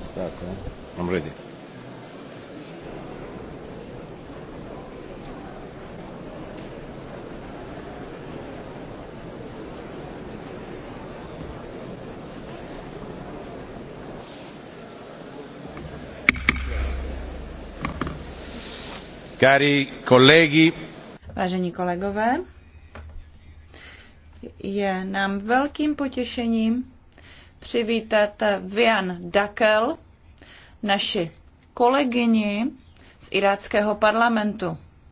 Start, eh? I'm ready. Cari colleghi, Vážení kolegové, je nám velkým potěšením přivítat Vian Dakel, naši kolegyni z iráckého parlamentu.